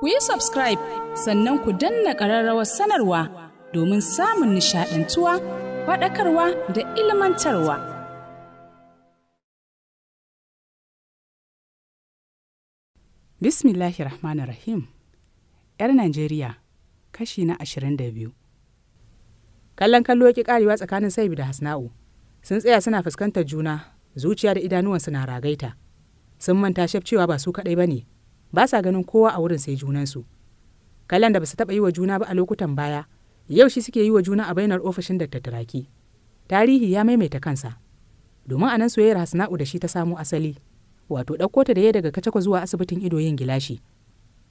ku yi subscribe sannan ku danna ƙararrawar sanarwa domin samun nishaɗantuwa faɗakarwa da ilmantarwa. Bismillahir Rahmanir Rahim, ‘yar Najeriya, kashi na ashirin da biyu. Kallon kallo ki ƙarewa tsakanin Saibi da Hasna'u, sun tsaya suna fuskantar juna, zuciya da idanuwansu na ragaita, sun manta shaf cewa ba su kaɗai ba ne, ba sa ganin kowa a wurin sai junansu kallon da ba su taɓa yi wa juna ba a lokutan baya yau shi suke yi wa juna a bainar ofishin da tattaraki tarihi ya maimaita kansa domin a nan soyayyar hasna'u da shi ta samo asali wato ɗauko ta da ya daga kacakwa zuwa asibitin ido yin gilashi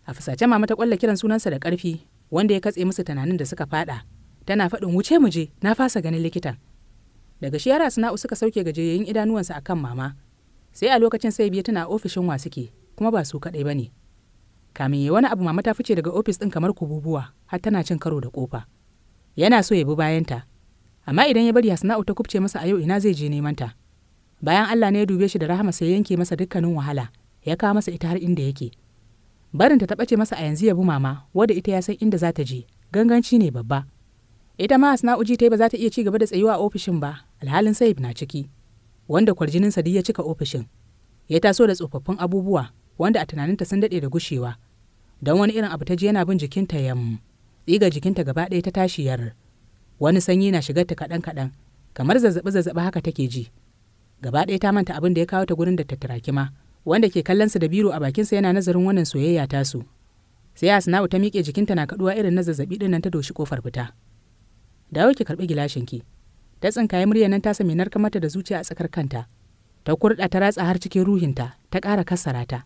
a fusace mama ta kwalla kiran sunansa da ƙarfi wanda ya katse musu tunanin da suka faɗa tana faɗin wuce mu je na fasa ganin likitan daga shi yara sana'u suka sauke gajiyayyen idanuwansa akan mama sai a lokacin sai biyu tana ofishin wa suke kuma ba su kaɗai ba ne kamin ya wani abu mama ta fice daga ofis ɗin kamar kububuwa har tana cin karo da ƙofa yana so ya bi bayanta amma idan ya bari hasana'u ta kubce masa a yau ina zai je neman ta bayan allah ne ya dube shi da rahama sai yanke masa dukkanin wahala ya kawo masa ita har inda yake barinta ta ɓace masa a yanzu ya bi mama wadda ita ya san inda za ta je ganganci ne babba ita ma hasana'u ji ta ba za ta iya ci gaba da tsayuwa a ofishin ba alhalin sayib na ciki wanda kwarjinin sadi ya cika ofishin ya taso da tsofaffin abubuwa wanda a tunaninta sun daɗe da gushewa don wani irin abu ta ji yana bin jikinta yam tsiga jikinta gaba ɗaya ta tashiyar wani sanyi na shigar ta kaɗan kaɗan kamar zazzaɓi zazzaɓi haka take ji gaba ɗaya ta manta abin da ya kawo ta gurin da tattaraki ma wanda ke kallon su da biro a bakin sa yana nazarin wannan soyayya ta su. sai asna'u ta miƙe jikinta na kaɗuwa irin na zazzabi din nan ta doshi kofar fita dawo ki karɓi gilashin ki ta tsinkaye muryar nan ta sami narkar mata da zuciya a tsakar kanta ta kurɗa ta ratsa har cikin ruhinta ta ƙara kassara ta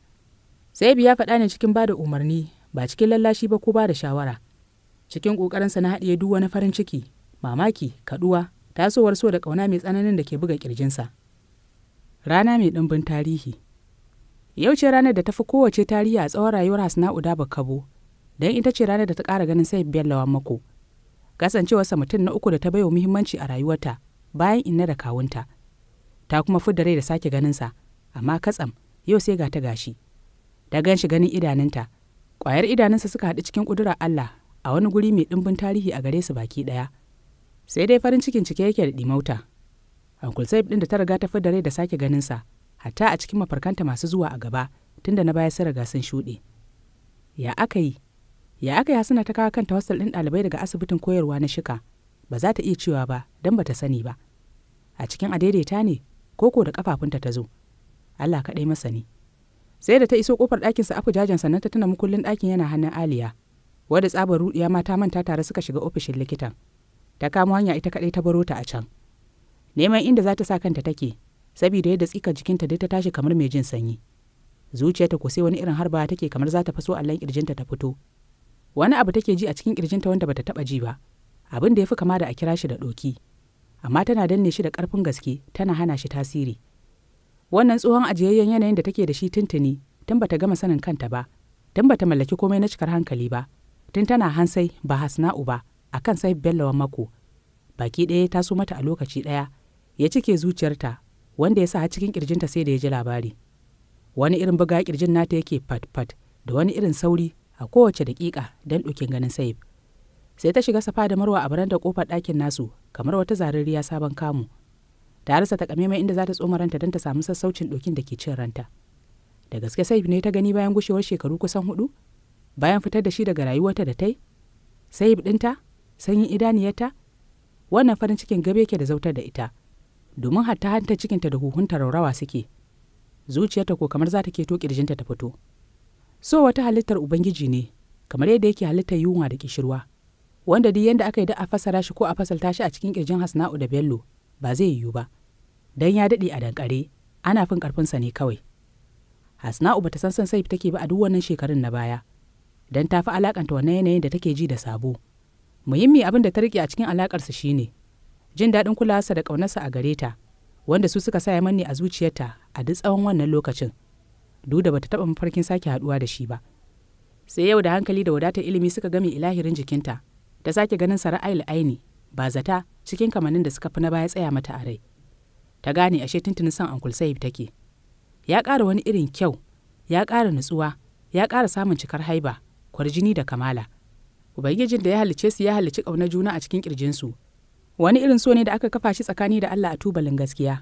Sai ya faɗa ne cikin bada umarni ba cikin lallashi ba ko ba da shawara. Cikin ƙoƙarinsa na haɗiye duk wani farin ciki, mamaki, kaɗuwa, tasowar so da ƙauna mai tsananin da ke buga ƙirjinsa. Rana mai ɗimbin tarihi. Yau ce ranar da ta fi kowace tarihi a tsawon rayuwar Hasna'u Uda Kabo, don ita ce ranar da ta ƙara ganin sai lawan mako. Kasancewarsa mutum na uku da ta baiwa muhimmanci a rayuwarta bayan inna da kawunta. Ta kuma fudda rai da sake ganin sa amma katsam yau sai ga ta gashi. da gan shi ganin idanunta ƙwayar idanunsa suka haɗu cikin ƙudurar Allah a wani guri mai ɗimbin tarihi a gare su baki ɗaya sai dai farin cikin cike yake da ɗimauta Uncle Saif ɗin da ta riga ta fi da rai da sake ganinsa hatta a cikin mafarkanta masu zuwa a gaba tun da na baya sun riga sun shuɗe ya aka yi ya aka yi hasana ta kawo kanta hostel ɗin ɗalibai daga asibitin koyarwa na shika ba za ta iya cewa ba don ba ta sani ba a cikin adaidaita ne ko ko da kafafunta ta zo Allah kaɗai masani. sai da ta iso kofar ɗakinsa afu jajen sannan ta tuna mukullin ɗakin yana hannun aliya wadda tsabar ruɗiya mata manta tare suka shiga ofishin likitan ta kama hanya ita kaɗai ta baro ta a can neman inda za ta sa kanta take saboda yadda tsika jikinta dai ta tashi kamar mai jin sanyi zuciyarta ko sai wani irin harba take kamar za ta faso allon kirjinta ta fito wani abu take ji a cikin kirjinta wanda bata taba ji ba abin da ya fi kama da a kira shi da doki amma tana danne shi da karfin gaske tana hana shi tasiri wannan tsohon ajiyayyen yanayin da take da shi tuntuni tun bata gama sanin kanta ba tun bata mallaki komai na cikar hankali ba tun tana hansai ba hasna'u ba a kan sai bellawan mako baki ɗaya ta so mata a lokaci ɗaya ya cike zuciyarta wanda ya sa a cikin kirjinta sai da ya ji labari wani irin buga ƙirjin nata yake fat-fat da wani irin sauri a kowace daƙiƙa don ɗokin ganin saif sai ta shiga safa da marwa a barandar ƙofar ɗakin nasu kamar wata zarariya sabon kamu ta rasa mai inda za ta tsoma ranta don ta samu sassaucin dokin da ke cin ranta da gaske sai ne ta gani bayan gushewar shekaru kusan hudu bayan fitar da shi daga rayuwarta da ta yi sai ɗinta sanyin idaniyarta wannan farin cikin gabe yake da zautar da ita domin hatta hanta cikinta da huhunta raurawa suke zuciyarta ko kamar za ta keto kirjinta ta fito so wata halittar ubangiji ne kamar yadda yake halittar yunwa da kishirwa wanda duk yadda aka yi da a fasara shi ko a fasalta shi a cikin kirjin hasna'u da bello ba zai yiwu ba don ya daɗe a dankare ana fin ƙarfinsa ne kawai hasna'u bata san san sai take ba a duk wannan shekarun na baya don ta fi alakanta wannan yanayin da take ji da sabo muhimmi abin da ta riƙe a cikin alakarsa ne. jin daɗin kulawarsa da ƙaunarsa a gare ta wanda su suka sa ya manne a zuciyarta a duk tsawon wannan lokacin duk da bata taɓa mafarkin sake haɗuwa da shi ba sai yau da hankali da wadatar ilimi suka game ilahirin jikinta ta sake ganin sa ra'ayil aini ba zata cikin kamanin da suka fi na baya tsaya mata a rai ta gane ashe tuntunin son ankul sahib take ya ƙara wani irin kyau ya ƙara nutsuwa ya ƙara samun cikar haiba kwarjini da kamala ubangijin da ya halice su ya halici ƙauna juna a cikin ƙirjinsu wani irin so ne da aka kafa shi tsakani da allah a tubalin gaskiya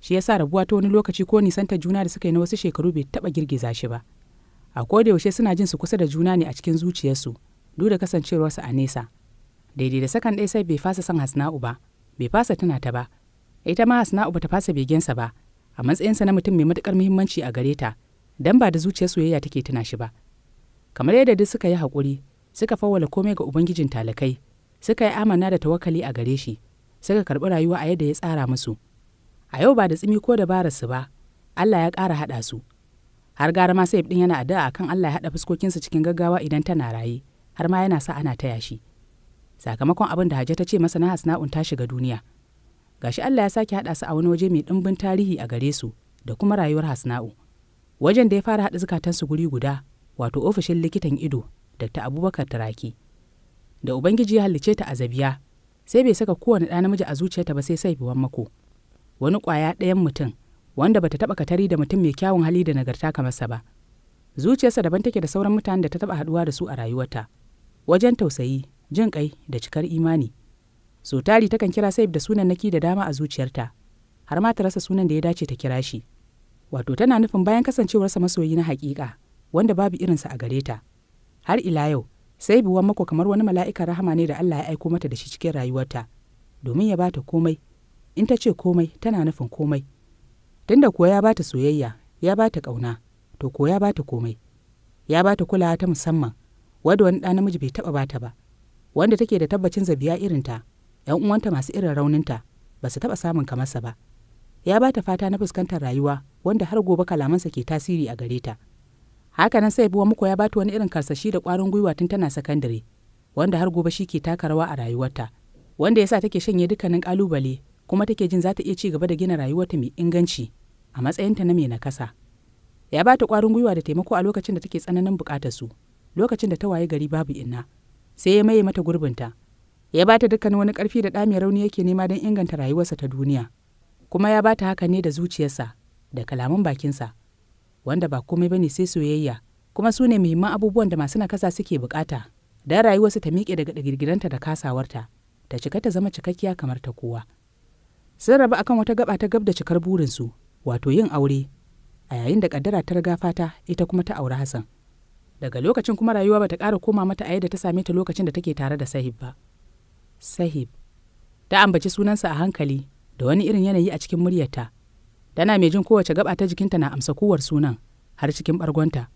shi yasa rabuwa ta wani lokaci ko nisanta juna da suka yi na wasu shekaru bai taɓa girgiza shi ba a kodayaushe yaushe suna jin su kusa da juna ne a cikin zuciyarsu duk da kasancewarsu a nesa daidai da sakan ɗaya sai bai fasa son hasna'u ba bai fasa tuna ta ba ita ma hasna'u ta fasa begensa ba a matsayinsa na mutum mai matuƙar muhimmanci a gare ta dan ba da zuciyar soyayya take tuna shi ba kamar yadda duk suka yi haƙuri suka fawwala komai ga ubangijin talakai suka yi amana da tawakali a gare shi suka karɓi rayuwa a yadda ya tsara musu a yau ba da tsimi ko da dabararsu ba Allah ya ƙara haɗa su har gara ma sai ɗin yana addu'a akan Allah ya haɗa fuskokinsu cikin gaggawa idan tana raye har ma yana sa ana taya shi sakamakon abin da hajja ta ce masa na hasna'un ta shiga duniya gashi Allah ya sake haɗa su a wani waje mai ɗimbin tarihi a gare su da kuma rayuwar hasna'u wajen da ya fara haɗa zukatansu guri guda wato ofishin likitan ido da ta abubakar taraki da ubangiji ya halice ta azabiya sai bai saka kowane ɗa namiji a zuciyarta ba sai saifuwan mako wani ƙwaya ɗayan mutum wanda bata taɓa katari da mutum mai kyawun hali da nagarta kamar sa ba zuciyarsa daban take da sauran mutanen da ta taɓa haɗuwa da su a rayuwarta wajen tausayi jin ƙai da cikar imani so tari takan kira saif da sunan naki da dama a zuciyarta har ma ta rasa sunan da ya dace ta kira shi wato tana nufin bayan kasancewarsa masoyi na haƙiƙa wanda babu irinsa a gare ta har ila yau sai buwan mako kamar wani mala'ika rahama ne da Allah ya aiko mata da shi cikin rayuwarta domin ya bata komai in ta ce komai tana nufin komai tunda kuwa ya bata soyayya ya bata ƙauna to ko ya bata komai ya bata kulawa ta musamman wadda wani ɗa namiji bai taɓa bata ba wanda take da tabbacin zabiya ta yan uwanta masu irin rauninta ba su taɓa samun kamarsa ba ya ba ta fata na fuskantar rayuwa wanda har gobe kalamansa ke tasiri a gare ta hakanan sai buwa muku ya ba wani irin karsashi da ƙwarin gwiwa tun tana sakandare wanda har gobe shi ke taka rawa a rayuwarta wanda ya sa take shanye dukkanin kalubale kuma take jin za ta iya ci gaba da gina rayuwarta mai inganci a matsayinta na mai nakasa ya bata ƙwarin gwiwa da taimako a lokacin da take tsananin bukatarsu lokacin da ta waye gari babu inna sai ya maye mata gurbinta ya bata dukkan wani karfi da ɗa mai rauni yake nema don inganta rayuwarsa ta duniya kuma ya bata haka ne da zuciyarsa da kalaman bakinsa wanda ba komai bane sai soyayya kuma su ne muhimman abubuwan da masu nakasa suke bukata da rayuwarsu ta miƙe daga ɗigirgiranta da kasawarta ta cika ta zama cikakkiya kamar ta kowa sun rabu akan wata gaba ta gab da cikar burinsu wato yin aure a yayin da kaddara ta riga fata ita kuma ta auri hasan. daga lokacin kuma rayuwa bata ƙara koma mata a yadda ta same ta lokacin da take tare da sahib ba sahib ta ambaci sunansa a hankali da wani irin yanayi a cikin muryarta tana mai jin kowace gaba ta jikinta na amsa kowar sunan har cikin bargonta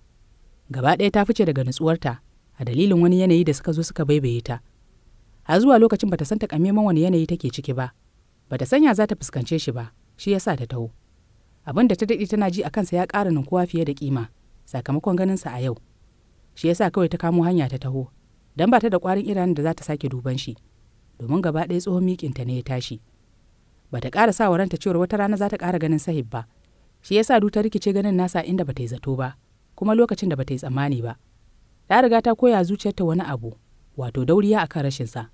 gaba ɗaya ta fice daga nutsuwarta a dalilin wani yanayi da suka zo suka baibaye ta a zuwa lokacin bata san takamaiman wani yanayi take ciki ba bata sanya za ta fuskance shi ba shi yasa ta taho abin da ta daɗe tana ji a kansa ya ƙara ninkuwa fiye da kima sakamakon ganinsa a yau shi yasa kawai ta kamo hanya ta taho don ba ta da kwarin iran da za ta sake duban shi domin gaba ɗaya tsohon miƙinta ne ya tashi ba ta ƙara sa ranta cewar wata rana za ta ƙara ganin sahib ba shi yasa du ta rikice ganin nasa inda ba ta yi zato ba kuma lokacin da ba ta yi tsammani ba ta riga ta koya zuciyarta wani abu wato dauriya akan rashinsa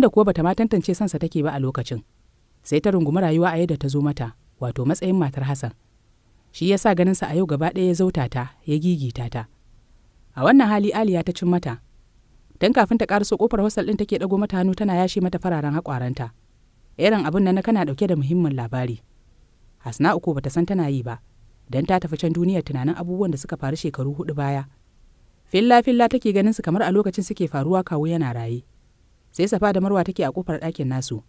da kuwa bata ma tantance sansa take ba a lokacin sai ta rungumi rayuwa a yadda ta zo mata wato matsayin matar Hassan. Shi ya sa ganinsa a yau gaba ɗaya ya zauta ta ya gigita ta. a wannan hali aliya ta cin mata don kafin ta karaso kofar hostel din take ɗago mata hannu tana yashe mata fararen haƙwaranta irin abin nan kana dauke da muhimmin labari hasna uku bata san tana yi ba don ta tafi can duniyar tunanin abubuwan da suka faru shekaru hudu baya filla filla take ganin su kamar a lokacin suke faruwa kawo yana raye sai safa da marwa take a kofar ɗakin nasu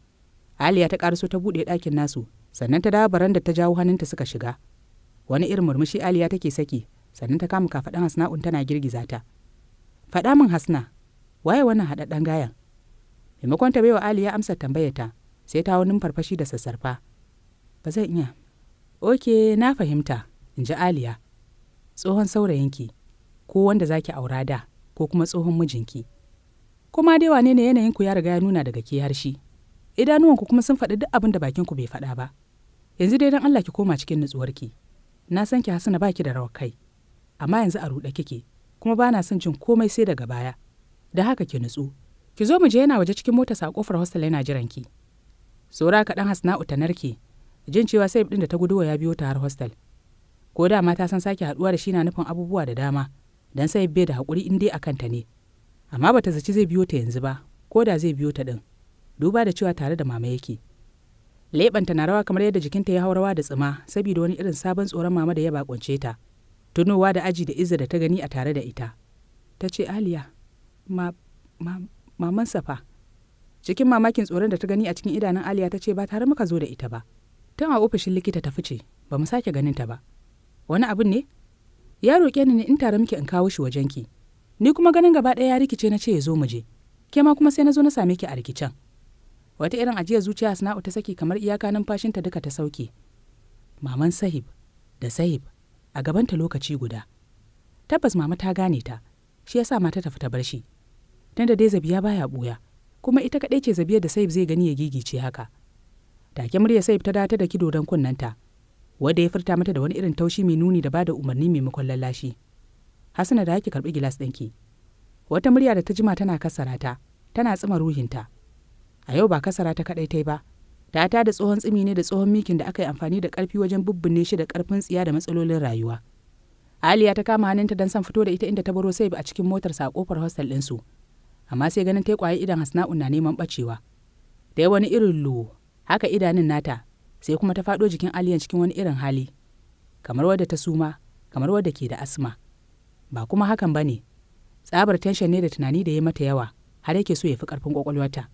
aliya ta karaso ta buɗe ɗakin nasu sannan ta dawo barandar ta jawo hannunta suka shiga wani irin murmushi aliya take saki sannan ta kama kafaɗan hasna'un tana girgiza ta faɗa min hasna waye wannan haɗaɗɗen gayan maimakon ta baiwa ali ya amsa tambayar sai ta wani farfashi da sassarfa ba zan iya oke na fahimta in ji aliya tsohon saurayinki ko wanda zaki aura da ko kuma tsohon mijinki kuma dai wane ne yanayinku ya riga ya nuna daga ke harshe idanuwanku kuma sun faɗi duk abin da bakinku bai faɗa ba yanzu dai don allah ki koma cikin nutsuwarki na san ki hasana baki da rawar kai amma yanzu a ruɗe kike kuma bana son jin komai sai daga baya da haka ki nutsu ki zo mu je yana waje cikin motarsa a kofar hostel yana jiran ki sora kaɗan hasna ta narke jin cewa sai din da ta guduwa ya biyo ta har hostel ko da ma ta san sake haduwa da shi na nufin abubuwa da dama dan sai bai da hakuri in dai a kanta ne amma bata zaci zai biyo ta yanzu ba ko da zai biyo ta ɗin duba da cewa tare da mama yake leɓanta na rawa kamar yadda jikinta ya haurawa da tsima saboda wani irin sabon tsoron mama da ya bakunce ta tunowa da aji da izza da ta gani a tare da ita ta ce aliya ma, ma, maman safa cikin mamakin tsoron da ta gani a cikin idanun aliya ta ce ba tare muka zo da ita ba tun a ofishin likita ta fice ba mu sake ganin ta ba wani abin ne ya roƙe ni ne in tare miki in kawo shi ki ni kuma ganin gaba ɗaya ya rikice na ce ya zo mu je ke ma kuma sai na zo na same ki a rikicen wata irin ajiyar zuciya sana'u ta saki kamar iyaka numfashinta duka ta sauke maman sahib da sahib a gabanta lokaci guda tabbas mama ta gane ta shi yasa mata ta fita bar shi dan da dai zabiya baya buya kuma ita kaɗai ce zabiya da saif zai gani ya gigice haka take murya saif ta data da kido don kunnanta wanda ya furta mata da wani irin taushi mai nuni da ba da umarni maimakon lallashi hasana da haki karɓi gilas ɗinki wata murya da ta jima tana kasara ta tana tsima ruhinta a yau ba kasara ta kaɗai tai ba tata da tsohon tsimi ne da tsohon mikin da aka yi amfani da karfi wajen bubbune shi da karfin tsiya da matsalolin rayuwa aliya ta kama hannunta don san fito da ita inda ta baro sai a cikin motar sa kofar hostel ɗinsu amma sai ganin ta kwaye idan hasna'un na neman bacewa da wani irin luwo haka idanun nata sai kuma ta fado jikin aliyan cikin wani irin hali kamar wadda ta suma kamar wadda ke da asma ba kuma hakan ba ne tsabar tension ne da tunani da ya mata yawa har yake so ya fi karfin kwakwalwarta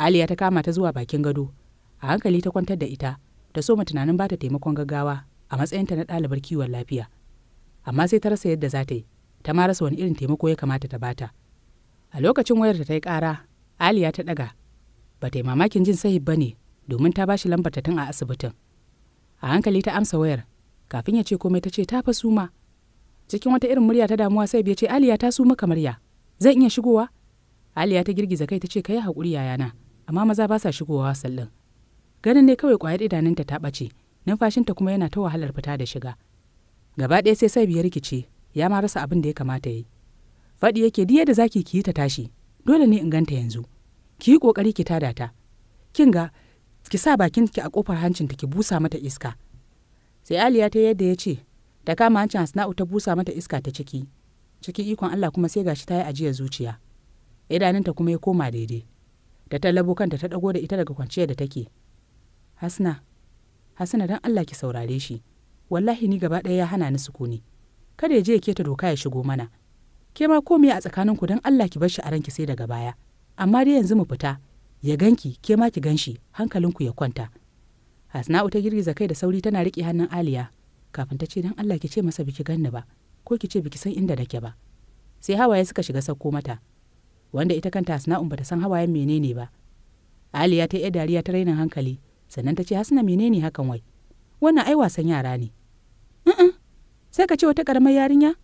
aliya ta kama ta zuwa bakin gado a hankali ta kwantar da ita ta soma tunanin bata taimakon gaggawa a matsayinta na ɗalibar kiwon lafiya amma sai ta rasa yadda za ta yi ta ma rasa wani irin taimako ya kamata ta bata a lokacin wayarta ta yi ƙara aliya ta ɗaga ba ta yi mamakin jin sahib ba ne domin ta bashi lambar ta tun a asibitin a hankali ta amsa wayar kafin ya ce komai ta ce ta fa suma cikin wata irin murya ta damuwa sai ya ce aliya ta suma kamar ya zan iya shigowa aliya ta girgiza kai ta ce ka yi haƙuri yayana amma maza ba sa shigowa wasan ɗin ganin ne kawai kwayar idanunta ta ɓace numfashinta kuma yana ta wahalar fita da shiga gaba ɗaya sai sai biyar rikice ya ma rasa abin da ya kamata ya yi faɗi yake duk da zaki ki yi ta tashi dole ne in ganta yanzu ki yi ƙoƙari ki tada ta kin ga ki sa bakin ki a ƙofar hancinta ki busa mata iska sai aliya ta yadda ya ce ta kama hancin hasna'u ta busa mata iska ta ciki cikin ikon allah kuma sai gashi ta yi ajiyar zuciya idanunta kuma ya koma daidai da ta labo kanta ta ɗago da ita daga kwanciyar da take hasna hasna don allah ki saurare shi wallahi ni gaba ɗaya ya hana ni sukuni kada ya je ya keta doka ya shigo mana ke ma komai a tsakaninku don allah ki bar shi a ranki sai daga baya amma dai yanzu mu fita ya ganki ke ma ki ganshi hankalinku ya kwanta Hasna ta girgiza kai da sauri tana riƙe hannun aliya kafin ta ce don allah ki ce masa biki ganni ba ko ki ce biki san inda nake ba sai hawaye suka shiga sauko mata wanda ita kanta hasna'un bata san hawayen menene ba aliya ta iya dariya ta rainin hankali sannan ta ce hasna menene hakan wai wannan ai wasan yara ne sai ka ce wata karamar yarinya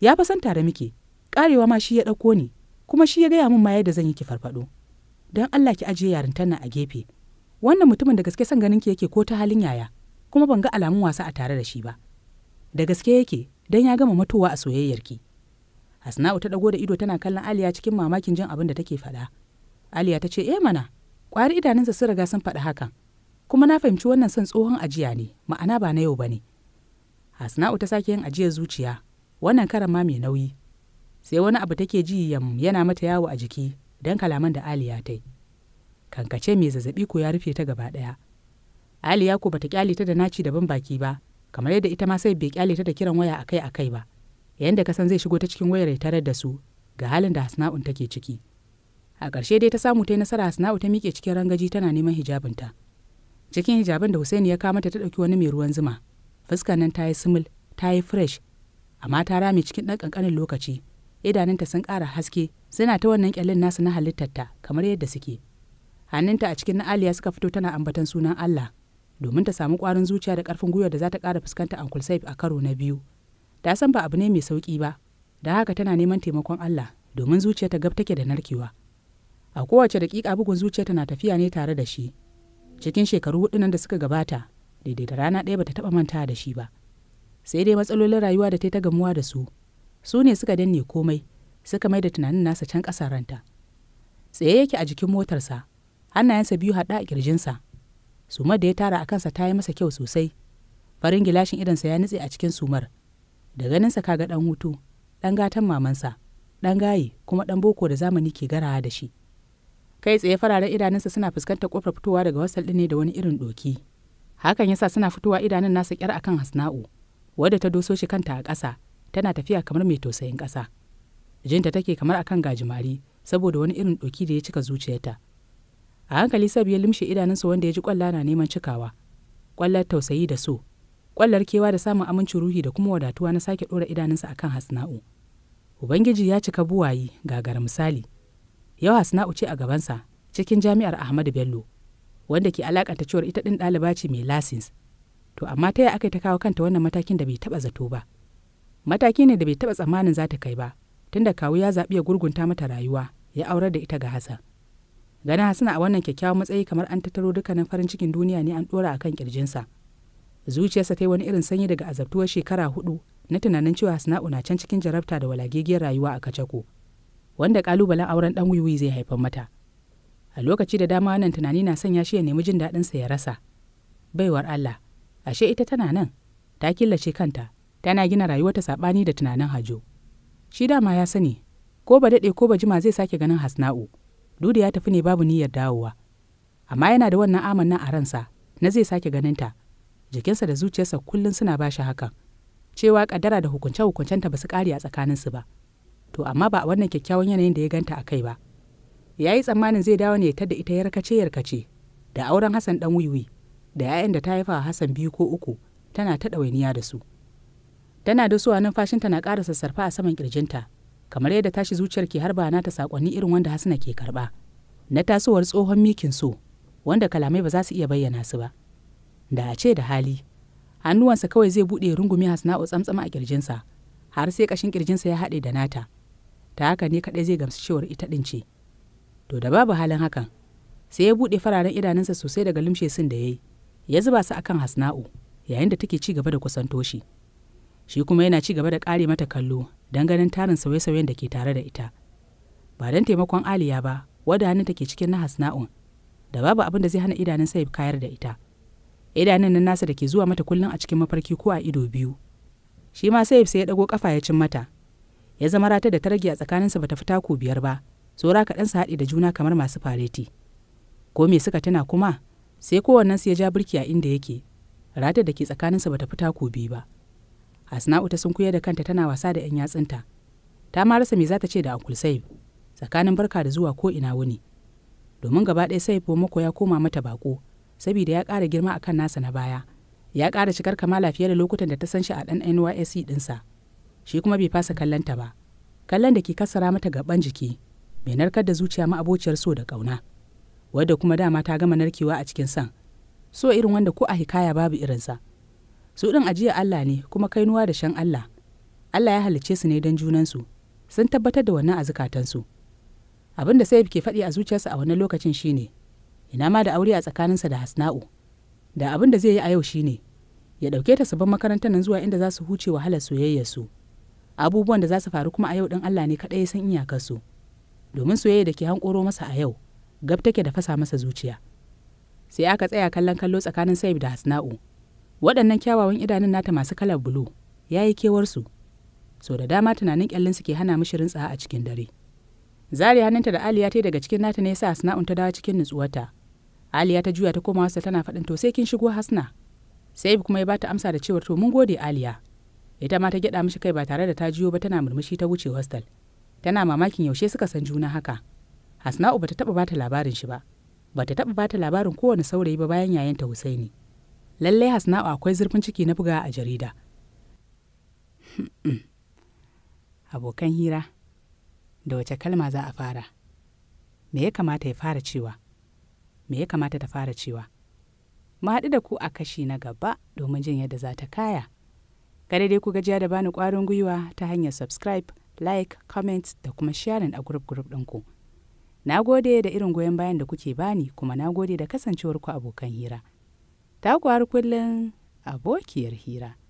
ya fa san tare muke karewa ma shi ya ɗauko ni kuma shi ya gaya min ma yadda zan yi ki farfaɗo don Allah ki ajiye yarintar nan a gefe wannan mutumin da gaske san ganin ki yake ko ta halin yaya kuma ban ga alamun wasa a tare da shi ba da gaske yake don ya gama matowa a ki Hasna'u ta ɗago da ido tana kallon Aliya cikin mamakin jin abin da take faɗa. Aliya ta ce, "Eh mana, ƙwari idanunsa sun riga sun faɗi hakan." kuma na fahimci wannan son tsohon ajiya ne ma'ana ba na yau ba ne hasna'u ta sake yin ajiyar zuciya wannan karan ma mai nauyi sai wani abu take ji yam yana mata yawo a jiki don kalaman da aliya ta yi kankace mai zazzabi ko ya rufe ta gaba ɗaya aliya ko bata kyale ta da naci daban baki ba kamar yadda ita ma sai bai kyale ta da kiran waya akai akai ba yayin da kasan zai shigo ta cikin wayar ya tarar da su ga halin da hasna'un take ciki a ƙarshe dai ta samu ta yi nasara hasna'u ta miƙe cikin rangaji tana neman hijabinta. ta cikin hijabin da Husaini ya kama ta ta ɗauki wani mai ruwan zuma fuska nan ta yi simil ta yi fresh amma ta rame cikin ɗan ƙanƙanin lokaci idanunta sun ƙara haske suna ta wannan ƙyallin nasu na halittarta kamar yadda suke hannunta a cikin na'aliya suka fito tana ambatan sunan Allah domin ta samu ƙwarin zuciya da ƙarfin gwiwa da za ta ƙara fuskanta Uncle Saif a karo na biyu ta san ba abu ne mai sauƙi ba da haka tana neman taimakon Allah domin zuciyarta ta gab take da narkewa a kowace daƙiƙa bugun zuciyarta na tafiya ne tare da shi cikin shekaru hudu nan da suka gabata daidai da rana ɗaya bata taɓa manta da shi ba sai dai matsalolin rayuwa da ta ta gamuwa da su su ne suka danne komai suka mai da tunanin nasa can ƙasa ranta tsaye yake a jikin motarsa hannayensa biyu haɗa a ƙirjinsa sumar da ya tara a kansa ta yi masa kyau sosai farin gilashin idansa ya nutse a cikin sumar da ganinsa kaga ɗan hutu ɗan gatan mamansa ɗan gayi, kuma ɗan boko da zamani ke garawa da shi kai tsaye fararen idanunsa suna fuskantar kofar fitowa daga wasal ɗin ne da wani irin doki hakan yasa suna fitowa idanun nasa kyar akan hasna'u wadda ta doso shi kanta a ƙasa tana tafiya kamar mai tausayin ƙasa jinta take kamar akan gajimari saboda wani irin doki da ya cika zuciyarta a hankali sabu ya limshe idanunsa wanda ya ji kwalla na neman cikawa kwallar tausayi da so ƙwallar kewa da samun amincin ruhi da kuma wadatuwa na sake ɗora idanunsa akan hasna'u ubangiji ya cika buwayi gagara misali yawa sana'u ce a gabansa cikin jami'ar ahmadu bello wanda ke alakanta cewar ita ɗin ɗaliba ce mai lasins to amma ta ya aka ta kawo kanta wannan matakin da bai taɓa zato ba mataki ne da bai taɓa tsammanin za ta kai ba tunda kawu ya zaɓi ya gurgunta mata rayuwa ya aurar da ita ga Hassan. Gana hasana a wannan kyakkyawan matsayi kamar an tattaro dukkanin farin cikin duniya ne an ɗora a kan ƙirjinsa. Zuciyarsa ta yi wani irin sanyi daga azabtuwar shekara hudu na tunanin cewa Hassana'u na can cikin jarabta da walagegiyar rayuwa a Kacako. wanda kalubalen auren dan wiwi zai haifar mata a lokaci da dama wannan tunani na sanya shi ya nemi jin daɗinsa ya rasa baiwar Allah ashe ita tana nan ta killace kanta tana gina rayuwarta saɓani da tunanin hajo shi dama ya sani ko ba daɗe ko ba jima zai sake ganin hasna'u dudu ya tafi ne babu niyyar dawowa amma yana da wannan amanna a ransa na zai sake ganinta jikinsa da zuciyarsa kullum suna ba shi hakan cewa kaddara da hukunce-hukuncenta ba su ƙare a tsakaninsu ba. to amma ba a wannan kyakkyawan yanayin da ya ganta a kai ba ya yi tsammanin zai dawo ne ta da ita yarkace yarkace da auren hassan dan wiwi da 'ya'yan da ta haifa hassan biyu ko uku tana ta ɗawainiya da su tana da suwa numfashinta na ƙara sassarfa a saman ƙirjinta kamar yadda tashi zuciyar ke harba na ta saƙonni irin wanda hasana ke karɓa na tasowar tsohon mikin so wanda kalamai ba za su iya bayyana su ba da a ce da hali hannuwansa kawai zai buɗe rungumi hasna'u tsamtsama a ƙirjinsa har sai ƙashin ƙirjinsa ya haɗe da nata ta haka ne kaɗai zai gamsu cewar ita ɗin ce to da babu halin hakan sai ya buɗe fararen idanunsa sosai daga limshe sun da ya yi ya zuba su akan hasna'u yayin da take ci gaba da kusanto shi shi kuma yana ci gaba da ƙare mata kallo don ganin tarin sauye-sauyen da ke tare da ita ba don taimakon aliya ba wadda hannun take cikin na hasna'un da babu abin da zai hana idanun ya kayar da ita idanun nan nasa da ke zuwa mata kullum a cikin mafarki ko a ido biyu shi ma sai ya dago kafa ya cin mata ya zama rata da ta rage a tsakaninsa bata fita ko biyar ba tsora kaɗan su haɗe da juna kamar masu fareti ko me suka tuna kuma sai kowannen su ya ja birki a inda yake rata da ke tsakaninsa bata fita ko biyu ba asna'u ta sunkuya da kanta tana wasa da 'yan yatsunta ta ma rasa me za ta ce da uncle saib tsakanin barka da zuwa ko ina wuni domin gaba ɗaya saib mako ya koma mata bako saboda ya ƙara girma akan nasa na baya ya ƙara shigar kama lafiya da lokutan da ta san shi a ɗan nysc e ɗinsa. shi kuma bai fasa kallonta ba kallon da ke kasara mata gaban jiki mai narkar da zuciya ma ma'abociyar so da ƙauna wadda kuma dama ta gama narkewa a cikin san so irin wanda ko a hikaya babu irinsa su ɗin ajiya Allah ne kuma kainuwa da shan Allah Allah ya halicce su ne don junansu sun tabbatar da wannan a zukatansu abin da sai ke faɗi a zuciyarsa a wannan lokacin shine ina ma da aure a tsakaninsa da Hasna'u da abin da zai yi a yau shine ya ɗauke ta su makarantar nan zuwa inda za su huce wahalar soyayyarsu su abubuwan da za su faru kuma a yau ɗin Allah ne kaɗai ya san su. domin soyayya da ke hankoro masa a yau gab take da fasa masa zuciya sai aka tsaya kallon kallo tsakanin Saif da Hasna'u waɗannan kyawawan idanun nata masu kalar bulu ya yi kewarsu so da dama tunanin kyallin suke ke hana mishi rintsa a cikin dare zari hannunta da aliya ta daga cikin nata ne yasa hasna'un ta dawo cikin nutsuwarta aliya ta juya ta koma wasa tana faɗin to sai kin shigo hasna sai kuma ya bata amsa da cewar to mun gode aliya ita ma ta gyada mishi kai ba tare da ta jiyo ba tana murmushi ta wuce hostel tana mamakin yaushe suka san juna haka hasna'u bata taba bata labarin shi ba bata taba bata labarin kowane saurayi ba bayan ta husaini lallai hasna'u akwai zurfin ciki na buga a jarida hmm, hmm. abokan hira da wace kalma za a fara me ya kamata ya fara cewa me ya kamata ta fara cewa mu haɗu da ku a kashi na gaba domin jin yadda za ta kaya kada dai ku gajiya da bani kwarin gwiwa ta hanyar subscribe like comment da kuma sharing a group group ɗinku na gode da irin goyon bayan da kuke bani kuma na gode da kasancewarku abokan hira ta kwar kullum abokiyar hira